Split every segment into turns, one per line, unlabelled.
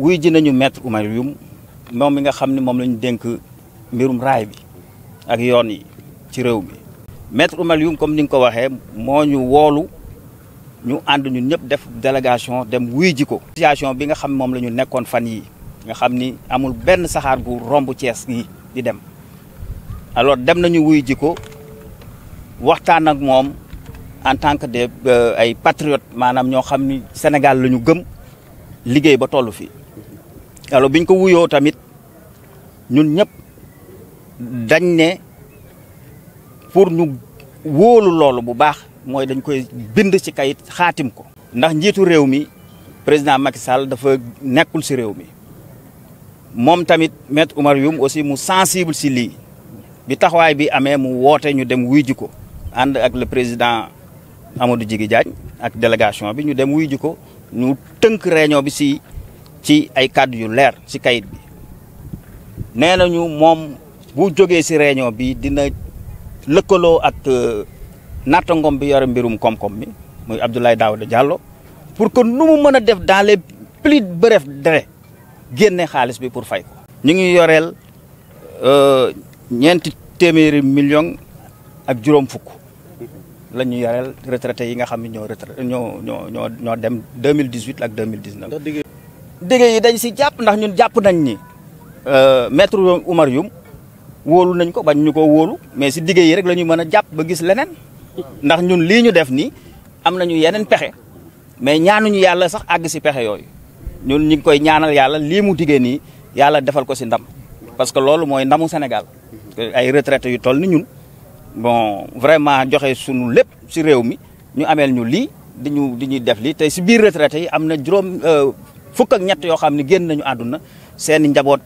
wuy ji nañu maître Oumar Youm moom mi nga xam ne moom lañu ñu dénk mbirum raay bi ak yoon yi ci réew mi. maître Oumar Youm comme ni nga ko waxee moo ñu woolu ñu ànd ñu ñëpp def délégation dem wuy ji ko. situation bi nga xam moom la ñu nekkoon fan yi nga xam ni amul benn saxaar gu romb Cees gi di dem alors dem nañu wuy ji ko waxtaan ak moom en tant que des euh, ay patriotes maanaam ñoo xam ni Sénégal la ñu gëm liggéey ba tollu fii. alors biñ ko wuyoo tamit ñun ñëpp dañ ne pour ñu wóolu loolu bu baax mooy dañ koy bind si kayit xaatim ko. ndax njiitu réew mi président Macky Sall dafa nekkul si réew mi moom tamit maître Oumar aussi mu sensible si lii bi taxawaay bi amee mu woote ñu dem wiiju ko ànd ak le président Amadou Jigi ak délégation bi ñu dem wiiju ko ñu tënk réunion bi si. ci ay kàddu yu leer ci kayit bi nee nañu moom bu jógee si réunion bi dina lëkkaloo ak euh, nattangom bi yore mbirum koom-koom mi muy Abdoulaye Daouda Diallo pour que nu mu mën a def dans les plus brefs délais génne xaalis bi pour fay ko. ñu ngi yoreel euh, ñeenti téeméeri million ak juróom fukk la ñu yoreel retraités yi nga xam ne ñoo retraité ñoo ñoo ñoo dem 2018 ak 2019. dige yi dañ si jàpp ndax ñun jàpp nañ ni euh, maître Oumar Youm wóolu nañ ko bañ ñu ko wóolu mais si dige yi rek la ñu mën a jàpp ba gis leneen ndax ñun lii ñu def nii am nañu yeneen pexe mais ñaanuñu yàlla sax àgg si pexe yooyu ñun ñu ngi koy ñaanal yàlla lii mu digee nii yàlla defal ko si ndam parce que loolu mooy ndamu Sénégal ay retraités yu toll ni ñun bon vraiment joxe sunu lépp si réew mi ñu ameel ñu lii di ñu ñuy def lii te si biir retraités yi am na juróom euh, fukk ak ñett yoo xam ne génn nañu àdduna seen njaboot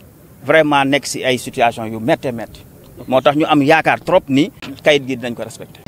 vraiment nekk si ay situation yu méttee métti moo tax ñu am yaakaar trop ni kayit gi dañ ko respecté.